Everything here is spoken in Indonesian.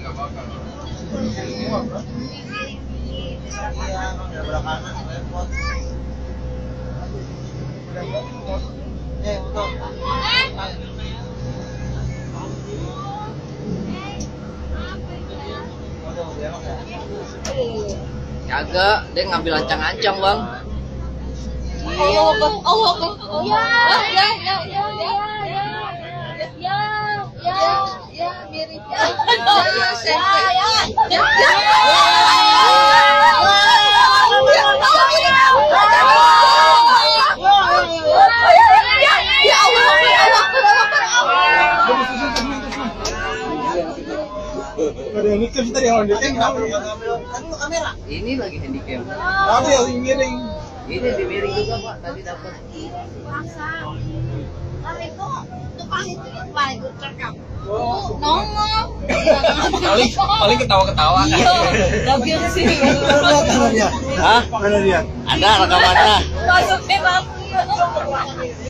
nggak Kagak, dia ngambil ancang-ancang bang. Allah, Allah, Allah, Allah, Allah, Allah, Allah, Allah, Ada yang ngikut tadi Ini lagi handicap. Tapi yang miring. Ini di miring juga pak tadi dapat. kok tukang itu paling terkam paling paling ketawa-ketawa. kan Iya, tapi sih. Mana dia? Hah? Mana dia? Ada rekamannya. Masukin eh, aku.